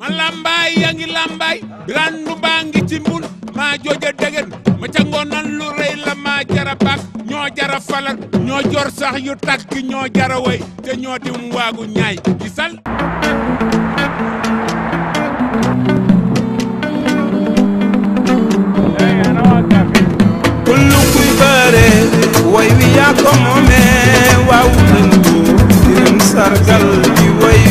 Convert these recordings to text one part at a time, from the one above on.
ma làmbaay yaa ngi làmbaay randu baa ngi ci mbul maa jooja degen ma ca ngoonan lu rëy la maa jara baak ñoo jara falal ñoo jor yu takk ñoo jara way te ñoo dim waagu ñaay gisal kullu kuy bëre way wi yaa ko moome waaw lëndu dirim sargal di way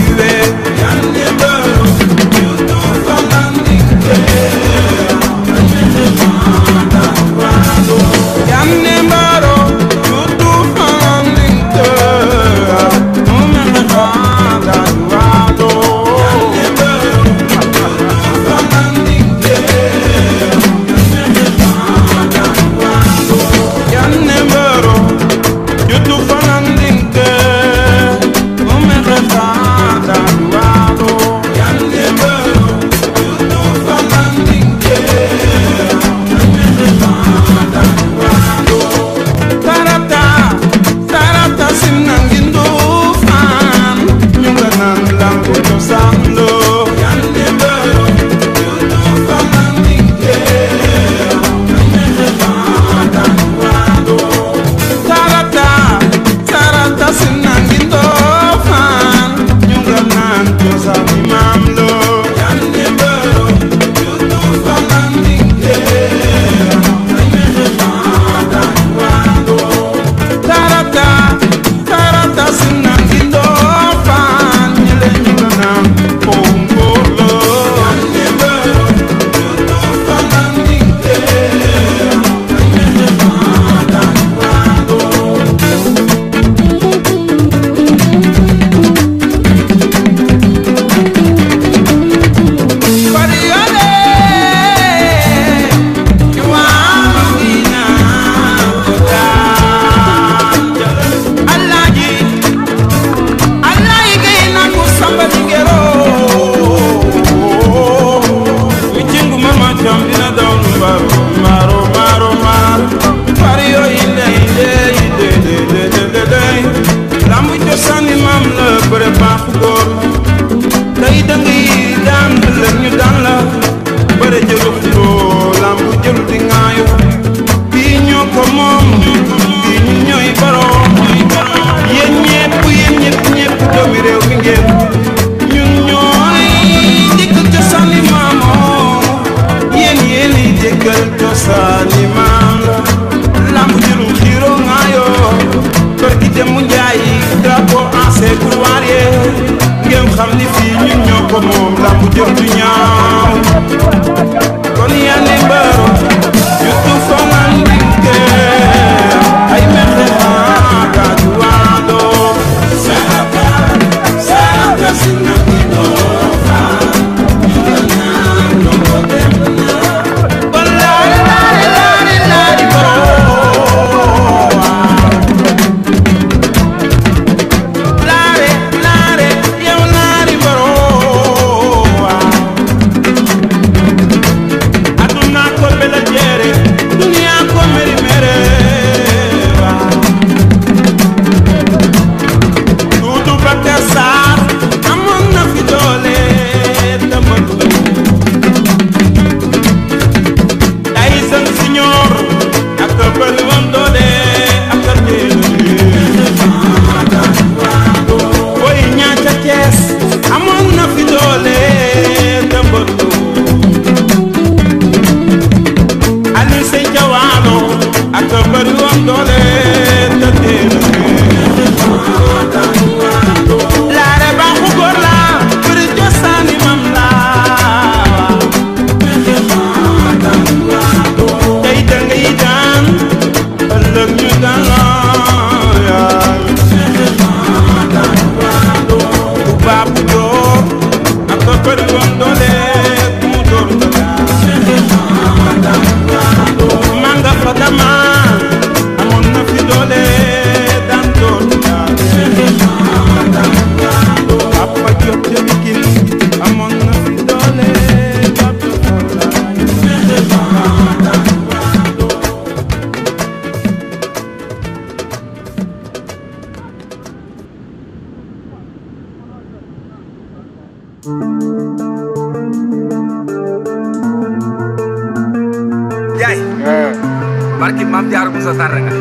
barki maam jaar bu sa sarre nga.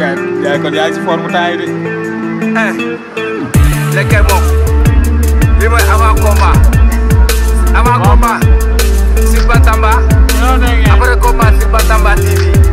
yaay yaay kon yaay ci forme taay de. Eh, lekkee moom li mooy avant combat. avant combat. Sir Bantamba. après combat Sir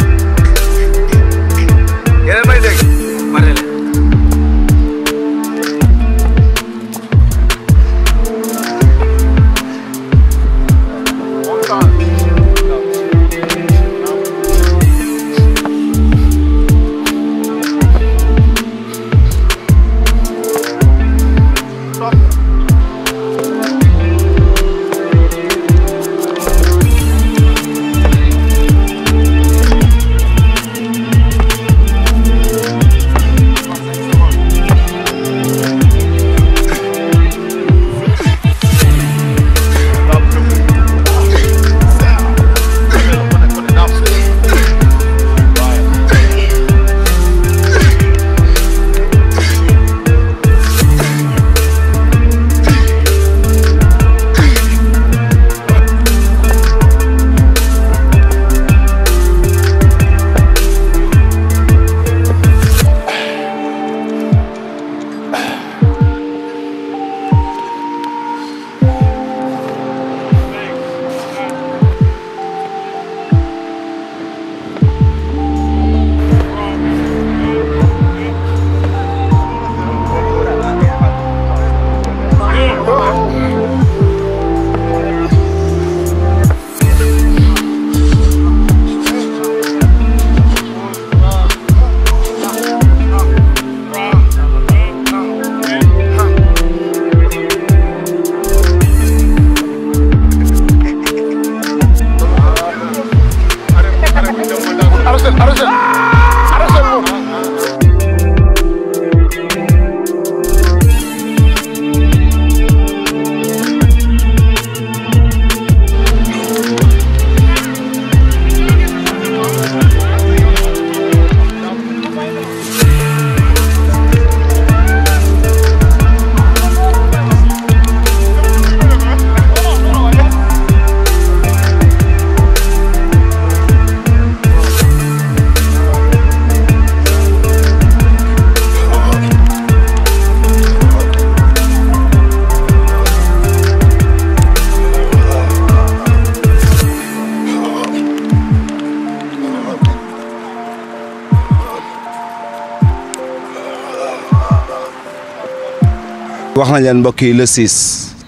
nañ leen mbokk yi le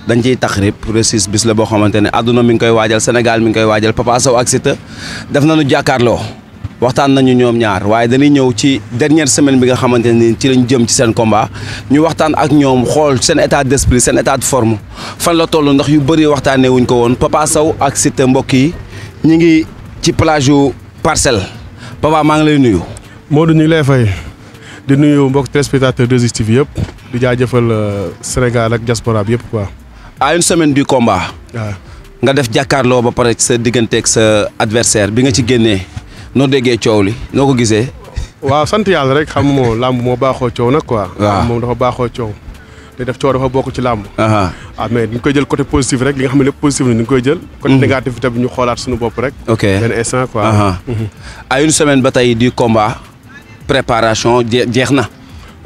dañ ciy taxrib le 6 bis la boo xamante ne àdduna mi ngi koy waajal Sénégal mi ngi koy waajal Papa Sow ak Siteu def nañu jàkkaarloo waxtaan na nañu ñoom ñaar waaye dañuy ñëw ci dernière semaine bi nga xamante ne ci lañ jëm ci seen combat ñu waxtaan ak ñoom xool seen état d'esprit seen état de forme fan la toll ndax yu bëri waxtaanee wuñ ko woon Papa ak Siteu mbokk yi ñu ngi ci plage yu Parcelles Papa maa ngi lay nuyu. Modou ñu ngi di nuyu mbokk téléspectateur 2STV yëpp di jaajëfal euh, Sénégal ak diaspora bi yëpp quoi. à une semaine du combat. nga def jàkkaarloo ba pare sa digganteeg sa adversaire bi nga ci génnee noo déggee coow li noo ko gisee. waaw sant yàlla rek xam moo làmb moo baaxoo coow nag quoi. moom dafa baaxoo coow. te def coow dafa bokk ci làmb. ah mais dañ koy jël côté positif rek li nga xam ne lépp positif la ñu koy jël. Mhm. côté négatif bi ñu xoolaat suñu bopp rek. ok benn mhm. ba tey du combat. préparation jeex na.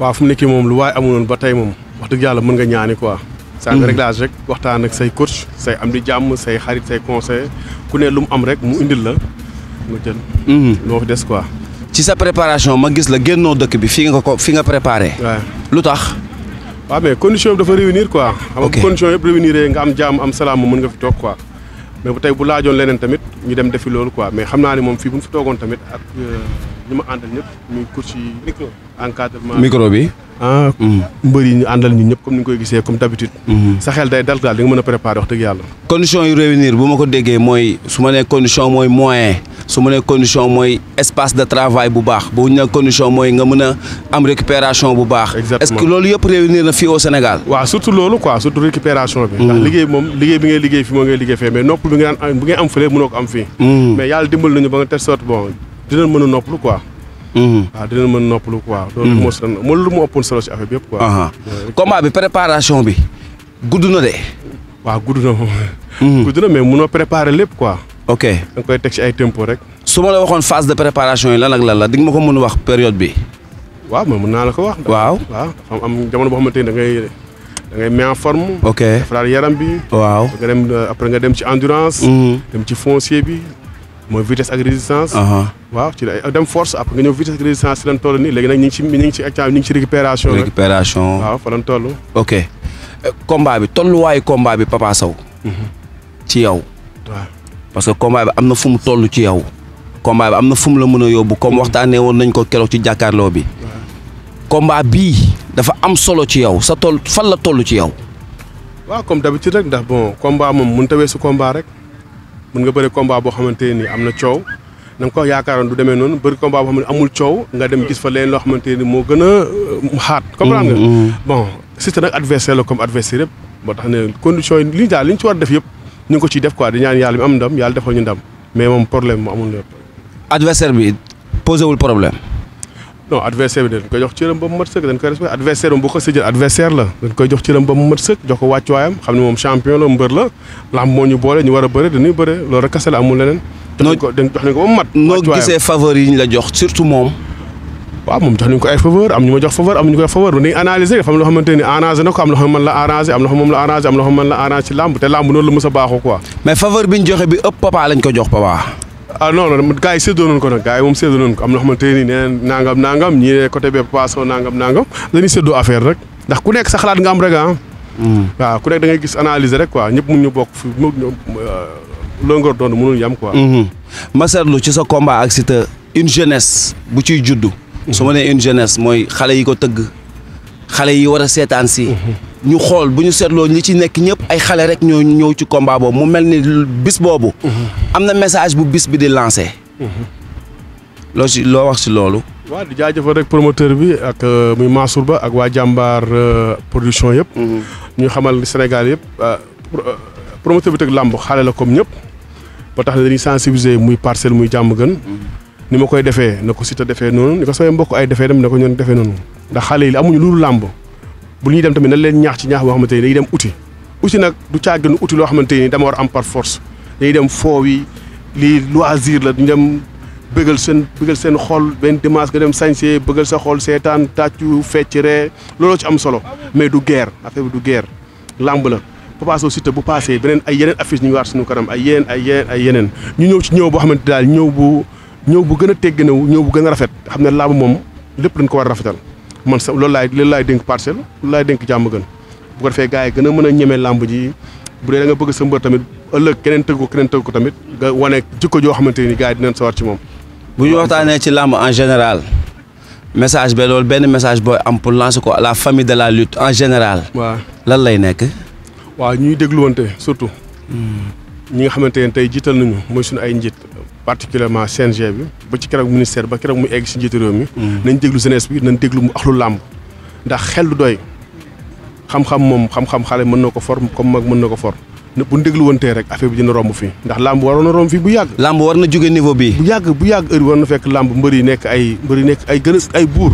waaw fu mu nekk moom lu waaye amuloon ba tey moom wax dëgg yàlla mën nga ñaani quoi. saa hmm. réglage rek waxtaan ak say coach say am di jàmm say xarit say conseil ku ne lu mu am rek mu indil la nga jël. moo hmm. fi des quoi. ci sa préparation ma gis la génnoo dëkk bi fii nga ko fi nga préparé. lu tax. waaw mais condition bi dafa réunir quoi. xam nga condition yëpp réunir nga am jàmm am salaam mën nga fi toog quoi. mais bu tey bu laajoon leneen tamit ñu dem defi loolu quoi mais xam naa ne moom fii bu ñu toogoon tamit ak. Euh, ñu ma àndal ñëpp muy coach yi encadrement micro bi ah mm. ñu àndal ñu ñëpp ni nga koy gisee comme d'habitude mm-hmm. sa xel day dal daal di nga mën a préparer wax dëgg yàlla condition yu réunir bu ma ko déggee mooy su ma nee condition mooy moyen su ma nee condition mooy espace de travail bu baax bu ñu nee condition mooy nga mën a am récupération bu baax est-ce que loolu yëpp réunir na fii au Sénégal waaw surtout loolu quoi surtout récupération bi mm-hmm. liggéey bi ngay liggéey fii moo ngay liggéey fee mais nopp bi dinañ mën a noppalu quoi. Mhm. waaw dinañ mën a noppalu quoi. loolu mhm. moo seen mooy lu mu solo ci affaire bi yëpp quoi. combat bi préparation bi gudd na de. waaw gudd na moom. Mhm. gudd na mais munoo préparer lépp quoi. ok da nga koy teg ci ay tempo rek. su ma la waxoon phase de préparation yi lan la di nga ma ko mën wax période bi. waaw man mën naa la ko wax. waaw waaw xam am jamono boo xamante ni forme. ok defaraat yaram bi. waaw nga dem euh, après nga dem ci endurance. dem ci foncier bi. mooy vitesse ak résistance. waaw ci la dem force après nga ñëw vitesse ak résistance si lañ toll nii léegi nag ñu ci ñu ngi toll. ok eh, combat bi tolluwaayu combat bi Papa mhm. ci yow. parce que combat bi am na fu mu toll ci yow. combat am na fu mu la mën a yóbbu comme waxtaanee woon nañ ko keroog ci jàkkaarloo bi. combat dafa am solo ci yow sa toll fan la toll ci yow. waaw comme d'habitude rek ndax bon combat moom mënut a weesu combat rek. mën nga bëri combat boo xamante ni am na coow na nga ko yaakaaroon du demee noonu bëri combat boo xam ne amul coow nga dem gis fa leen loo xamante ni moo gën a euh, xaat comprendre nga mm, mm. bon Siteu nag adversaire la comme adversaire yëpp moo tax ne condition yi liñ daal li ñu ci war def yëpp ñu ngi ko ci def quoi di ñaan mi am ndam yàlla defal ñu ndam mais moom problème mu amul lépp adversaire bi posé wul problème non adversaire bi dañ koy jox cëram ba mu mat sëkk jox cëram ba mu jox ko wàccuwaayam xam ne moom champion la mbër la lamb moo ñu boole ñu war a bëre dañuy bëre loolu rek kese la amul leneen jox jox nañ ko ba mat noo gisee faveur yi la jox surtout moom waaw moom jox nañ ko ay faveur am ñu ma jox faveur am ñu koy faveur ba dañuy analyser xam loo xamante ni arrangé na ko am loo xam ne man la arrangé am loo xam la arrangé am loo xam la arrangé ci lamb a ah non non gars yi séddoo nañ ko nag gars yi moom séddoo nañ ko am na xamante neen nangam nangam ñi ne côté bee passé nangam nangam dañuy séddoo affaire rek ndax ku nekk sa xalaat nga am rek a ah. hmm. waaw ku nekk da ngay gis analyser rek quoi ñëpp mun ñu bokk fi mu euh, longueur doon mënul yam ko hmm, hmm. ma seetlu ci sa combat ak Siteu une jeunesse bu ciy juddu. su ma ne une jeunesse mooy xale yi ko tëgg. xale yi war a seetaan si. ñu xool bu ñu seetloo li ci nekk ñëpp ay xale rek ñoo ñëw ci combat boobu mu mel ni bis boobu. am na message bu bis bi di lancé. loo si loo wax si loolu. waaw di jaajëfal rek promoteur bi ak euh, muy Mansour Ba ak waa jàmbaar euh, production yëpp. Mm-hmm. ñu xamal Sénégal yëpp euh, promoteur bi teg làmb xale la comme ñëpp. ba tax na dañuy muy parcelle muy jàmm gën. Mm-hmm. ni ma koy defee na ko Siteu defee noonu ni ko samay mbokk ay defee dem na ko ñoon defee noonu. ndax xale yi amuñu loolu làmb bu ñuy dem tamit nan leen ñaax ci ñaax boo xamante ni dañuy dem uti uti nag du caaginu uti loo xamante ni dama war am par force dañuy dem foo yi lii loisir la duñu dem bëggal seen bëggal seen xol benn dimanche nga dem sañsee bëggal sa xol seetaan tàccu fecc ree looloo ci am solo mais du guerre affaire du guerre làmb la Papa Sow bu paasee beneen ay yeneen affiche ñu waar suñu kanam ay yeneen ay yeneen yeneen ñu ñëw ci ñëw boo xamante daal ñëw bu ñëw bu gën a tegg ñëw bu gën a rafet xam ne làmb moom lépp dañ ko war a rafetal man sa loolu laay loolu laay dénk parcelle loolu laay dénk jàmm gën bu defee gars yi gën a mën a ñeme làmb ji bu dee da bëgg sa mbër tamit ëllëg keneen tëgg ko keneen tëgg ko tamit nga wane jikko joo xamante ni gars yi dinañ sawar ci moom. bu ñu waxtaanee ci làmb en général message bi loolu benn message booy am pour lancer ko la famille de la lutte en général. waaw lan lay nekk. waaw ñuy dégluwante surtout. Hmm. ñi nga xamante ne tey jiital nañu mooy suñu ay njiit. particulièrement CNG bi ba ci keroog ministère ba keroog mu egg si njiitu réew mi. nañ déglu jeunesse bi nañ déglu mu axlu làmb ndax xel du doy xam-xam moom xam-xam xale mën na ko for comme mag mën na ko for bu ñu déglu wantee rek affaire bi dina romb fii ndax làmb waroon na romb fii bu yàgg. làmb war na jóge niveau bi. bu yàgg bu yàgg heure war na fekk làmb mbër yi nekk ay mbëri yi nekk ay gën ay buur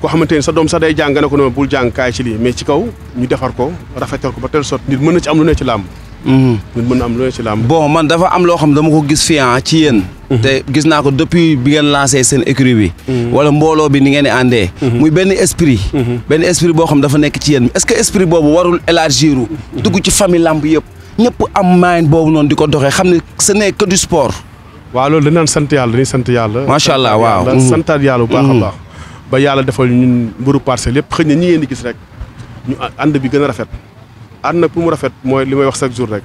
koo xamante ni sa doom sax day jàng ne ko ne bul jàng kaay ci lii ci kaw ñu defar ko rafetal ko ba telle sorte nit mën na ci am lu ne ci làmb nit mën am lu ci bon man dafa am loo xam dama ko gis fii ah, ci yéen mhm. te gis naa ko depuis bi ngeen lancé seen écurie bi mhm. wala mbooloo bi ni ngeen di àndee mhm. muy benn esprit benn esprit boo xam dafa nekk ci yéen est-ce que esprit boobu warul élargir dugg ci famille làmb yëpp ñëpp am main boobu noonu di ko doxee xam ne ce n'est que du sport waaw loolu dañ naan sant yàlla dañuy yàlla macha allah waaw santaat yàlla bu baax ba yàlla defal ñun mburu parcelle yëpp xëy na ñi ngeen di gis rek ñu ànd bi gën a rafet àdduna pour mu rafet mooy li may wax chaque jour rek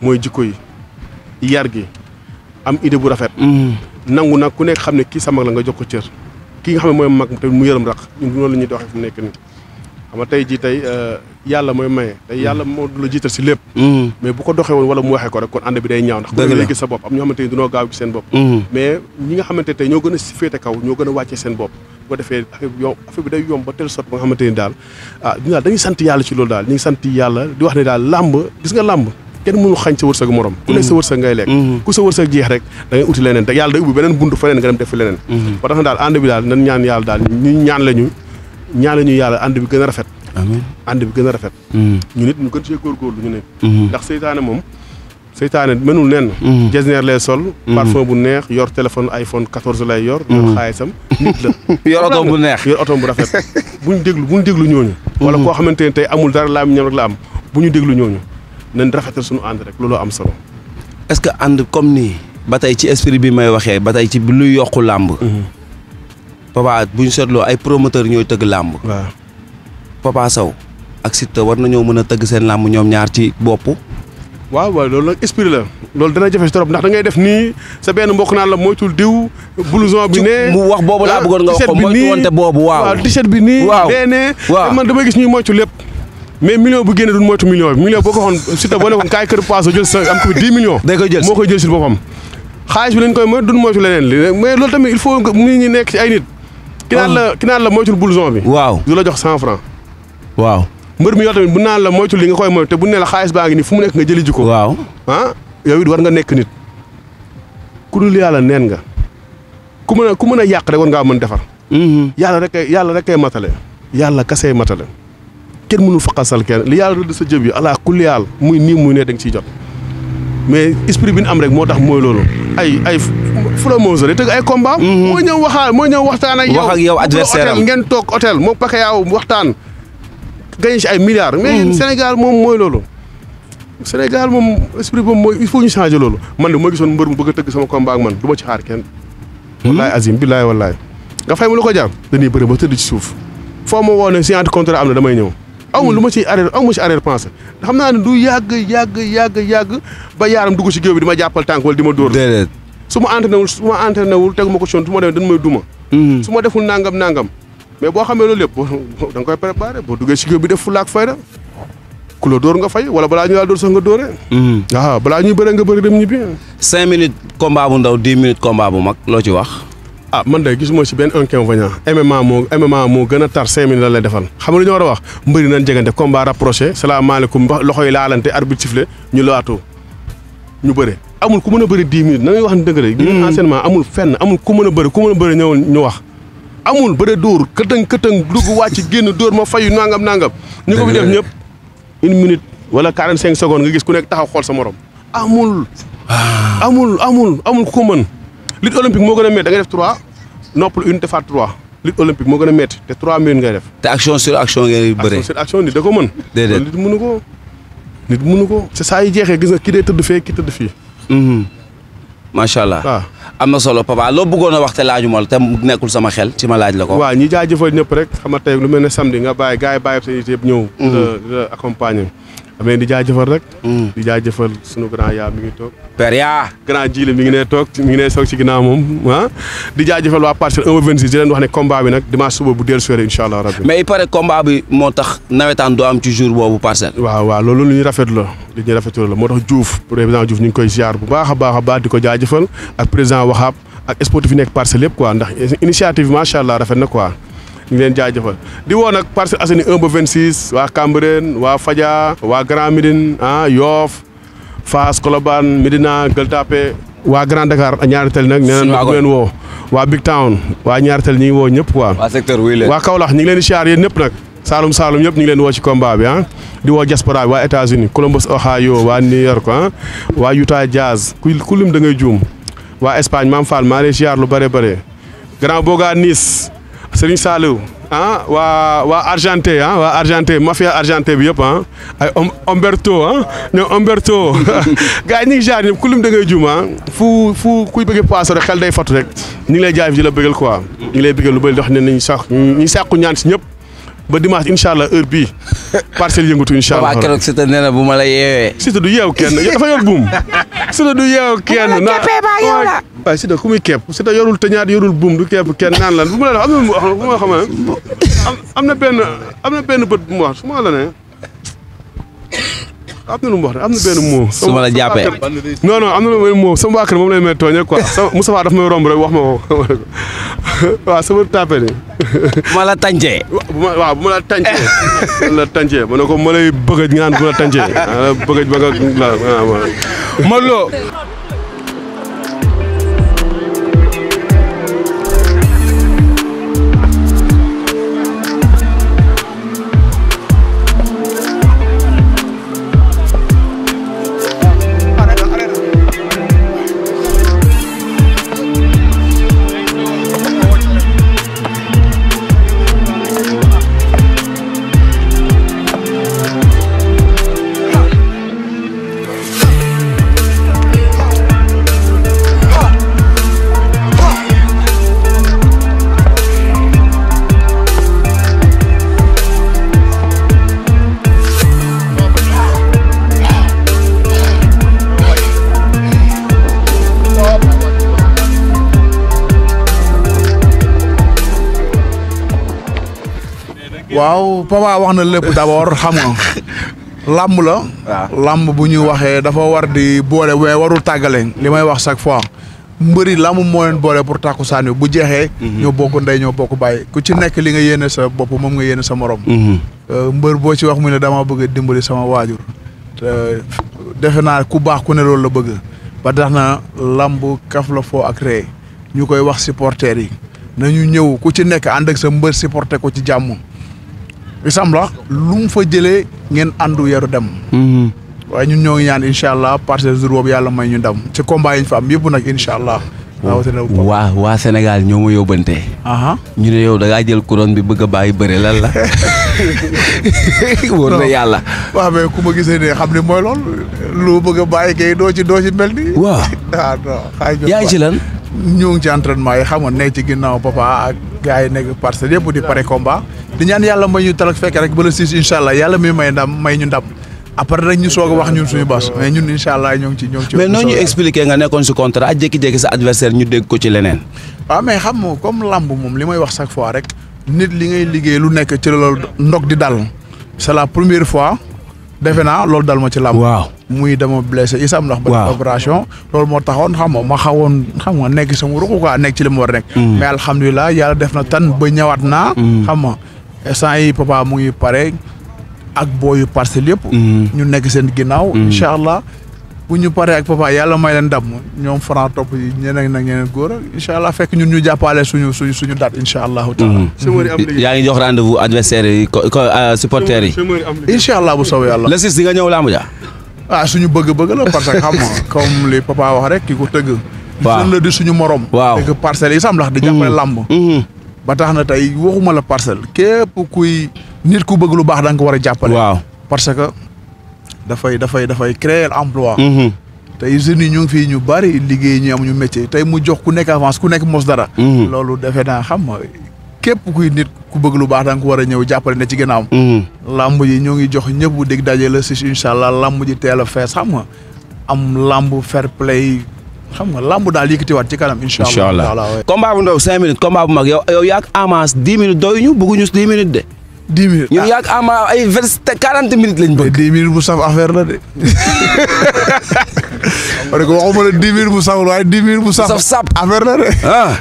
mooy jikko yi yar gi am idée bu rafet. Mm. nangu nag ku nekk xam ne kii sa mag la nga jox ko cër. ki nga xam ne mooy mag tamit mu yërëm raq ñun noonu la ñuy doxee mu nekk nii xam nga jii tey euh, yàlla mooy mm. moo du la jiital si lépp. Mm. mais bu ko doxee woon wala mu waxee ko rek kon ànd bi day ñaaw ndax. dëgg la gis sa bopp am ñoo xamante ni seen bopp. nga xamante tey ñoo gën a féete kaw ñoo gën a wàcce seen bopp. ko defee affaire bi yomb affaire bi day yomb ba telle sorte ba nga xamante ni daal ah dinaa sant yàlla ci loolu daal ñu sant yàlla di wax ne daal làmb gis nga làmb kenn mënul xañ sa wërsëg morom ku ne sa wërsëg ngay lekk mhm. ku sa wërsëg jeex rek da ngay uti leneen te yàlla day ubbi beneen buntu feneen nga dem def leneen mhm. ba tax na daal ànd bi daal nan ñaan yàlla daal ñu ñaan lañu yàlla ànd bi gën a rafet ànd bi gën a rafet mhm. ñu nit ñu gën see góorgóorlu ñu ne ndax seytaane seytaane mënul nen jesneer mm-hmm. lay sol mm-hmm. parfum bu neex yor téléphone iPhone 14 lay yor mm-hmm. yor xaalisam nit la yor otoom bu neex yor otoom bu rafet buñ déglu buñ déglu ñooñu wala koo xamante ne tey amul dara laa ñam rek la am bu ñu déglu ñooñu nañ rafetal suñu ànd rek looloo am solo est-ce que ànd comme nii ba tey ci esprit bi may waxee ba tey ci luy yokku làmb Papa bu ñu seetloo ay promoteur ñooy tëgg làmb waaw Papa Sow ak Siteu war ñoo mën a tëgg seen làmb ñoom ñaar ci bopp waaw waaw loolu nag esprit la loolu dana jafe trop ndax da ngay def nii sa benn mbokk naan la moytul diw. blouson bi ne mu wax boobu laa ah, bëggoon nga wax ko moytu wante boobu waaw bi nii. waaw dee ne man damay gis ñuy moytu lépp. mais million bu génne duñ moytu million bi million boo ko waxoon ko si boppam. xaalis bi lañ koy moytu duñ moytu leneen li mais loolu tamit il faut nit ñi nekk ci ay nit. ki naan oh. la ki naan la moytul blouson bi. waaw du la jox 100 waaw mbër mi yoo tamit bu naan la moytu li nga koy moytu te bu ne la xaalis baa ngi nii fu mu nekk nga jëli ji ko. waaw ah, yow it war nga nekk nit. ku dul yàlla neen nga. ku mën a ku mën a yàq rek war ngaa man defar. Mm-hmm. yàlla rek kay rek kay matale. yàlla kase kasee matale. kenn mënul faqasal kenn li yàlla rëdd sa jëb yi allah kulli yàlla muy nii muy ne da nga ciy jot. mais esprit bi ñu am rek moo tax mooy loolu ay ay flamose rek tëgg ay combat. Mm-hmm. moo ñëw waxaal moo ñëw waxtaan ak yow. wax ak yow adversaire ngeen toog hôtel moo paka yaaw waxtaan. gagné si ay milliards. mais mmh. Sénégal moom mooy loolu. Sénégal moom esprit boobu mooy il faut ñu changer loolu man de ma gisoon mbër mu bëgg a tëgg sama combat ak man du ma ci xaar kenn. Mmh. wallaay azim billaay wallaay. nga fay ma lu ko jaar dañuy bëri ba tëdd ci suuf foo ma woo ne si contrat am na damay ñëw. aw ma lu ma ci arrière aw ma ci arrière pensée xam naa ne du yàgg yàgg yàgg yàgg ba yaaram dugg ci géew bi di ma jàppal tànk wala di ma dóor. déedéet su ma entraîné wul su ma entraîné wul tegu ma ko si yoon su ma demee dañ may duma. Mmh. su ma deful nangam nangam. mais boo xamee loolu lépp da nga koy préparé boo duggee si kër bi def fulaak fayda ku la dóor nga fay wala balaa ñu laa dóor sax nga dóoree. Hmm. Ah, balaa ñuy bëre nga bëri dem ñibbi. cinq minutes combat bu ndaw dix minutes bu mag loo ci wax. ah man de gisuma si benn inconvénient MMA moo MMA moo gën a tar cinq minutes la lay defal xam nga li ñu war a wax mbëri nañ jegante combat rapproché salaamaaleykum loxo yi laalante arbitre sifflé ñu laatu ñu bëre. amul ku mën a bëri dix minutes na ngay wax dëgg la. Hmm. enseignement amul fenn amul ku mën bëri ku a bëri ñëwul ñu wax. amul bëre dóor këtëng këtëng dugg wàcc génn door ma fayu nangam nangam. ñu ko fi def ñëpp une minute wala 45 secondes nga gis ku nekk taxaw xool sa morom. amul. Ah. amul amul amul ku ko mën. lutte olympique moo gën a métti da nga def 3 noppal une defaat 3 lutte olympique moo gën a métti te 3 minutes ngay def. te action sur action ngay bëree. action sur action nit da ko mën. déedéet nit mënu ko nit mënu saa yi jeexee gis nga ki dee tëdd fee ki tëdd fi mhm. macha allah waaw. Ah. am na solo papa loo bëggoon a wax te laaju ma la te nekkul sama xel ci ma laaj la ko waa ñi jaajëfal ñëpp rek xam nga lu mel ne samedi nga bàyyi gars yi bàyyi sa yëpp ñëw mm-hmm. la Ah, mais di jaajëfal rek. Hmm. di jaajëfal sunu grand yaa mi ngi toog. père yaa. grand jili mi ngi ne toog mi ngi ne soog ci ginnaaw moom ah. di jaajëfal waa parcelle di leen wax ne combat bi nag dimanche suba bu dellu soirée incha allah rabbi. mais il paraît combat bi moo tax nawetaan doo am ci jour boobu parcelle. waaw waaw loolu lu ñuy rafetlu la li ñuy la moo tax Diouf président Diouf ñu ngi koy ziar bu baax a baax a baax di ko jaajëfal ak président Waxaab ak sportif yi nekk parcelle yëpp quoi ndax initiative bi macha allah rafet na quoi. ñu leen jaajëfal di woo nag parce Assainies 1 ba 26 waa Cambérène waa Fadia waa Grand Médine ah Yoff Fass Colobane Médina Gueule Tapée waa Grand Dakar ñaari nag nee na leen waa Big ñaari tali ñu ngi woo ñëpp quoi waa secteur wuy leen ñu ngi leen di siyaar yéen ñëpp nag Saalum leen woo ci combat bi ah di woo diaspora bi ah. ku ku lim waa Espagne maam lu bare bare Grand Boga Nice Serigne Saliou ah waa waa Argenté ah waa Argenté mafia Argenté bi yëpp ah ay Umberto ah ñoom Umberto gars yi ñu ngi jaar ñëpp ku lim da ngay juum ah fu fu kuy bëgg paas rek xel day fatu rek ñu ngi lay jaay fi di la bëggal quoi. ñu ngi lay bëggal lu bëri dox ne nañu sax ñu sàqu ñaan si ñëpp. ba dimanche incha allah heure bii parcelle yëngatu incha allah. waaw keroog Siteu bu ma la yeewee. Siteu du yeew kenn dafa yor buum. Ah, Siteu du yeewu kenn. bu ma la keppee baa yow la. waaye Siteu ku muy kepp Siteu yorul tëñaat yorul buum du kepp kenn naan lan bu ma la am na lu ma xam am na benn am na benn bët bu mu wax su ma la am na lu am na benn moo su la jàppee non non am na benn mot sama waa kër moom lay may tooñee quoi sama Moustapha daf may romb rek wax ma waaw sama tàppee de. bu ma la tàncee. bu ma la tàncee. bu ma la ma ne ko ma bëgg nga naan bu ma la tàncee. ma la bëgg ba nga Papa wax na lépp d'abord xam nga làmb la. làmb bu ñu waxee dafa war di boole waaye warul tàggalee li may wax chaque fois. mbëri làmb moo leen boole pour tàkku saan bi bu jeexee. Mhm. ñoo bokk ndey ñoo bokk bàyyi ku ci nekk li nga yéene sa bopp moom nga yéene sa moroom mhm. euh, mbër boo ci wax mu ne dama bëgg dimbali sama waajur. defe naa ku baax ku ne loolu la bëgg ba tax na làmb kaf la foo ak ree ñu koy wax supporters yi nañu ñëw ku ci nekk ànd sa mbër supporter ko ci jàmm. isam la lu mu fa jëlee ngeen àndu yaru dem mhm. waaye ñun ñoo yaan ñaan incha allah parce que jour boobu yàlla may ñu ndam ci combat yi ñu am yëpp nag incha allah waa waa Sénégal ñoo ma yóbbante ñu yow da jël couronne bi bëgg a bàyyi bëre lan la na yàlla waaw ku ma gisee ne xam ne mooy lool lu bëgg a bàyyi doo ci doo ci mel ni waaw yaa ci lan ñoo ngi ci entraînement yi xam nga nekk ci ginnaaw papa ak gars yi nekk parce que yëpp di pare combat di ñaan yàlla may ñu talak fekk rek ba le six incha yàlla mi may ndam may ñu ndam après rek ñu soog a wax ñun suñu bas mais ñun incha allah ñoo ngi ci ñoo ngi ci. mais noo ñu expliqué ko ci leneen. waaw mais xam nga comme moom li may wax chaque fois rek nit li ngay liggéey lu nekk ci loolu di dal c'est la première fois. defe naa loolu dal ma ci làmb. waaw muy dama blessé isam ndax. waaw ba opération. loolu moo taxoon xam nga ma xawoon xam nga nekk sama ruq quoi nekk ci li mu war a nekk. Mm. mais alhamdulilah yàlla def na tan ba ñawaat naa. Mm. xam nga instant yi papa mu ngi pare ak booyu parcelles yépp mm-hmm. ñu nekk seen ginnaaw. Mm-hmm. incha allah bu ñu paree ak papa yàlla may leen ndam ñoom Franc topp yi ñeneen ak ñeneen góor incha allah fekk ñun ñu jàppale suñu suñu suñu date incha allahu taala. Mm-hmm. yaa ngi jox rendez-vous adversaires yi co euh, supporters yi. incha allah bu soobee yàlla. le six di nga ñëw làmb ja. ah suñu bëgg-bëgg la parce que xam nga comme li papa wax rek ki ko tëgg. waaw la di suñu morom. waaw dégg parcelles yi sam lax di jàppale làmb. ba tax na tey waxuma la parcelle képp kuy nit ku bëgg lu baax da ko war a jàppale. waaw parce que dafay dafay dafay créer emploi. Mm-hmm. tey jeunes yi ñu ngi fii ñu bari liggéey ñu am ñu métier tey mu jox ku ku nekk mos dara. Mm-hmm. loolu defe naa xam nga képp kuy nit ku bëgg lu baax da war a ñëw jàppale ne ci ginnaawam. Mm-hmm. làmb yi ñoo ngi jox ñëpp dig daje la si incha allah làmb ji teel a fees xam am làmb fair play. xam nga làmb daal yëkkatiwaat ci kanam. incha allah combat bu ndaw cinq minutes combat bu mag yow yow yaa ngi avance dix minutes doyuñu bëgguñu dix minutes de. dix minutes ñun yaa ay vingt quarante minutes lañ bëgg. dix bu saf affaire la de. parce que waxuma la dix minutes bu saf waaye dix minutes bu la de. ah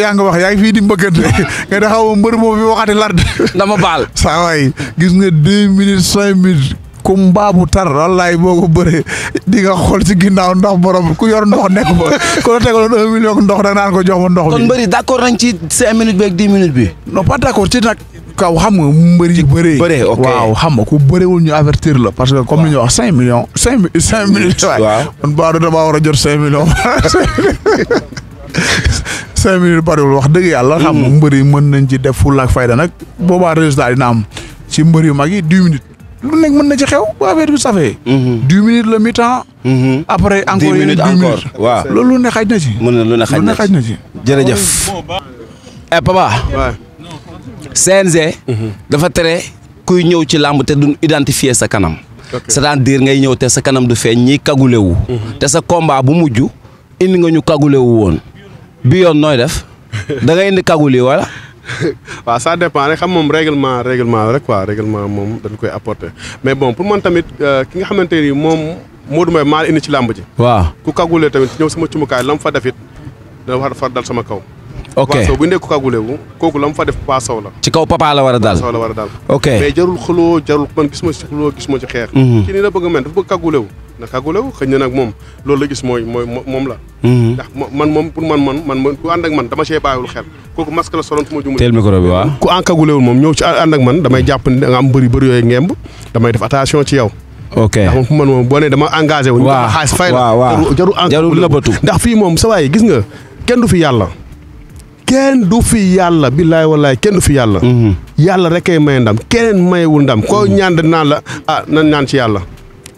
yaa nga wax yaay ngi fii di mbëkkante ah. nga ne xaw ma mbër fi waxati lar. dama baal. saa waay gis nga deux minutes cinq minutes. combat bu tar wallaay boo ko bëree di nga xool ci ginnaaw ndox borom ku yor ndox nekk fa ku la tegaloon un ndox da naan ko jox ma ndox bi. kon mbëri d' nañ ci cinq minutes beeg dix minutes bi. non pas d' accord ci nag. kaw xam nga mbëri yu bëree. bëree ok waaw nga ku bëreewul ñu avertir la. parce que comme ni ñu wax cinq millions. cinq mi cinq minutes. waaw kon Badou damaa war a jot cinq millions. bariwul wax dëgg yàlla. xam nga mm. mbëri mën nañ ci def fulla ak nag. boobaa résultat ci mbëri yu mag yi dix lu nekk mën na ci xew bu affaire bi safee. Mhm. dix minutes la mi-temps. Mhm. après encore dix minutes encore waaw loolu lu ne xaj na ci. na lu ne xaj na ci lu ne xaj na ci. jërëjëf. eh papa. Mhm. dafa tere kuy ñëw ci làmb te du identifier sa kanam. cest diir ngay ñëw te sa kanam du feeñ ñi kagule wu. te sa combat bu mujj indi nga ñu kagule wu woon. bi yoon nooy def da indi kagule wala. waaw ça dépend rek xam moom réglement réglement règlement rek quoi règlement moom dañ koy apporter mais bon pour man tamit euh, ki nga xamante ni moom moo Modou Mbaye maa indi ci làmb ji. waaw ku kagulee tamit ñëw sama cumukaay la mu fa def it dana fa far dal sama kaw. ok paasaw bu ñu nekk kagulee wu kooku la mu fa def paasaw la. ci kaw papa la war a dal paasaw la war a dal. ok mais jarul xuloo jarul man gisuma ci xuloo gisuma ci xeex. ci mhm. nii la bëgg a mel dafa bëgg kagulee wu. ndax kàggulaw xëy na nag moom loolu la gis mooy mooy moom la. Mhm. ndax man moom pour man man man man ku ànd ak man dama see bàyyiwul xel kooku masque la soloon fu ma jumul. teel micro bi waaw. ku encagulewul moom ñëw ci ànd ak man damay jàpp ne da nga am bëri bëri yooyu ngemb damay def attention ci yow. ok ndax moom fu man moom boo dama engagé wu. waaw xaalis fay la jarul jarul lëbëtu ndax fii moom sa waay gis nga kenn du fi yàlla. kenn du fi yàlla billaay wallaay kenn du fi yàlla. Mhm. yàlla rek kay may ndam keneen mayewul ndam. koo mhm. ñaan naan la ah nan ñaan ci yàlla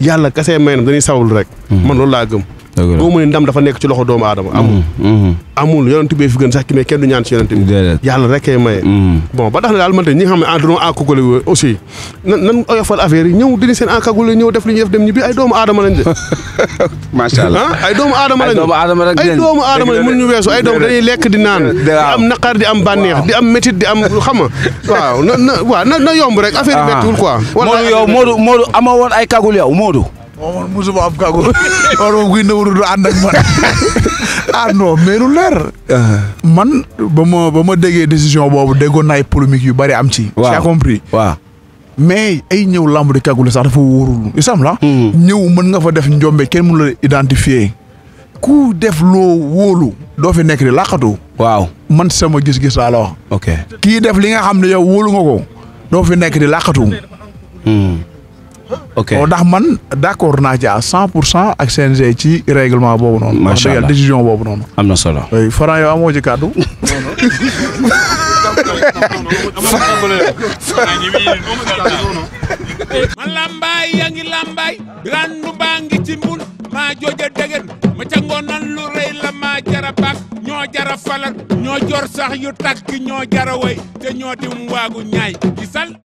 yàlla kasee may na dañuy sawul rek mm-hmm. man loolu laa gëm goo ne ndam dafa nekk ci loxo doomu aadama amul mm, mm. amul yonent bi fi gën sax ki mais kenn du ñaan si yonent bi yàlla rek ay maye mm. bon ba tax na daal man te ñi xam ne endono encagolé aussi nan nan oyofal affaire yi ñëw dini seen encagolé ñëw def li ñu def dem ñibbi ay doomu aadama lañ macha allah ah, ay doomu aadama lañ ay doomu aadama lañ mën ñu weesu ay doom dañuy lekk di naan di am naqar di am bànneex di am métit di am xam nga waaw na na waaw na yomb rek affaire yi ah. méttiwul ko Modou yow Modou Modou ama woon ay kagul yow Modou moom oh, man mosuma am kàggu man moom kuy nëwru du ànd ak man ah non mais leer. Uh-huh. man ba ma ba ma déggee décision boobu déggoon na ay polémique yu bari am ci. waaw tu as compris. waaw mais ay ñëw lamb di kàggule sax dafa wóorul isam la. Mm-hmm. ñëw mën nga fa def njombe kenn mënu la identifier. ku def loo wóolu doo fi nekk di làqatu. waaw man sama gis-gis laa la wax. kii def li nga xam ne yow wóolu nga ko doo fi nekk di làqatu. Mm-hmm. ok oh, ndax man d' accord naa ci à cent pour cent ak ci réglement boobu noonu. macha allah décision boobu noonu. am na solo. Franc ma lambaay yaa ngi lambaay randu baa ngi ci mbul maa jooja degen ma ca ngoonan lu rëy la maa jara bak ñoo jara falal ñoo jor sax yu takk ñoo jara way te ñoo waagu ñaay gisal